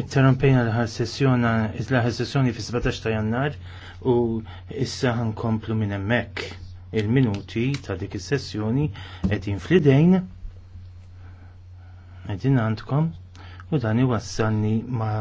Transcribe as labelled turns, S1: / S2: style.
S1: Interrompejna l-ħar sessjona, l-ħar sessjoni fi 17 ta' jannar u issa ħankomplu minn hemmhekk il-minuti ta' dik is-sessjoni qegħdin flidejn idejn qegħdin għandkom u dan iwassalni ma'